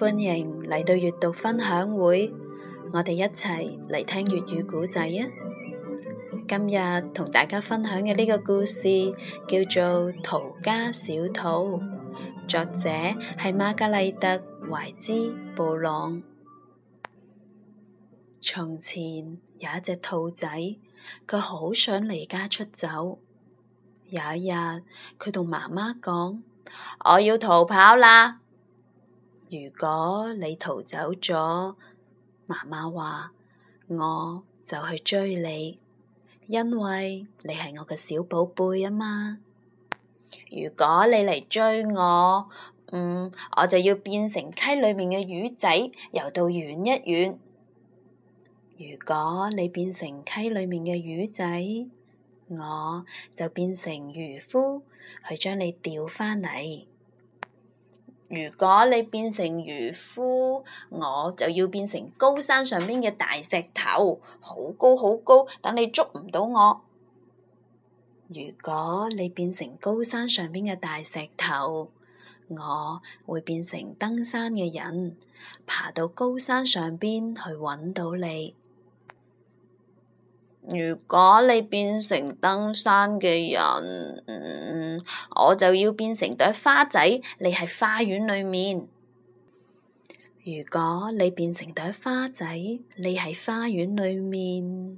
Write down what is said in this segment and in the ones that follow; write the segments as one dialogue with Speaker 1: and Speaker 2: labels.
Speaker 1: 歡迎嚟到閱讀分享會，我哋一齊嚟聽粵語古仔啊！今日同大家分享嘅呢個故事叫做《逃家小兔》，作者係瑪格麗特·懷茲·布朗。從前有一隻兔仔，佢好想離家出走。有一日，佢同媽媽講：我要逃跑啦！如果你逃走咗，媽媽話，我就去追你，因為你係我嘅小寶貝啊嘛。如果你嚟追我，嗯，我就要變成溪裏面嘅魚仔，游到遠一遠。如果你變成溪裏面嘅魚仔，我就變成漁夫，去將你釣返嚟。如果你變成漁夫，我就要變成高山上邊嘅大石頭，好高好高，等你捉唔到我。如果你變成高山上邊嘅大石頭，我會變成登山嘅人，爬到高山上邊去揾到你。如果你變成登山嘅人，嗯，我就要變成朵花仔，你喺花園裏面。如果你變成朵花仔，你喺花園裏面，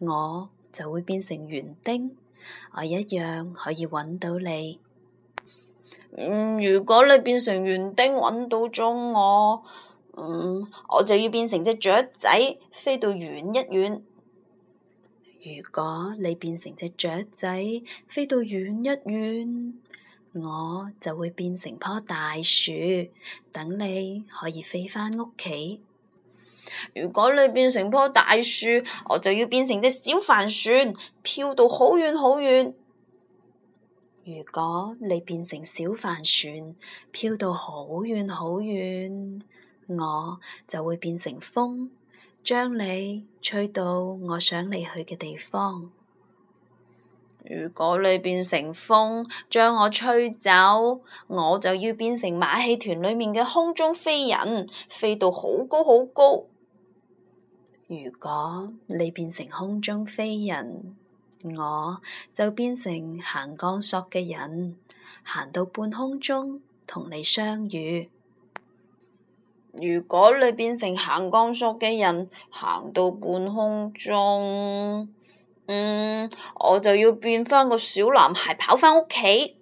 Speaker 1: 我就會變成園丁，我一樣可以揾到你，嗯。如果你變成園丁揾到咗我，嗯，我就要變成隻雀仔，飛到遠一遠。如果你變成隻雀仔，飛到遠一遠，我就會變成棵大樹，等你可以飛返屋企。如果你變成棵大樹，我就要變成隻小帆船，飄到好遠好遠。如果你變成小帆船，飄到好遠好遠，我就會變成風。將你吹到我想你去嘅地方。如果你變成風，將我吹走，我就要變成馬戲團裏面嘅空中飛人，飛到好高好高。如果你變成空中飛人，我就變成行鋼索嘅人，行到半空中，同你相遇。如果你變成行光速嘅人，行到半空中，嗯，我就要變返個小男孩跑返屋企。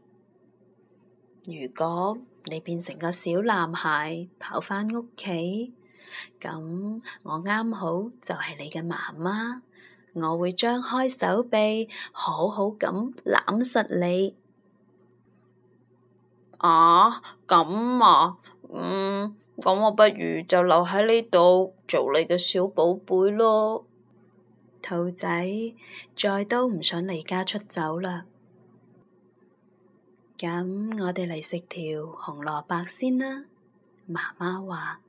Speaker 1: 如果你變成個小男孩跑返屋企，咁我啱好就係你嘅媽媽，我會張開手臂，好好咁攬實你。啊，咁啊，嗯。咁我不如就留喺呢度做你嘅小寶貝咯，兔仔，再都唔想離家出走啦。咁我哋嚟食條紅蘿蔔先啦，媽媽話。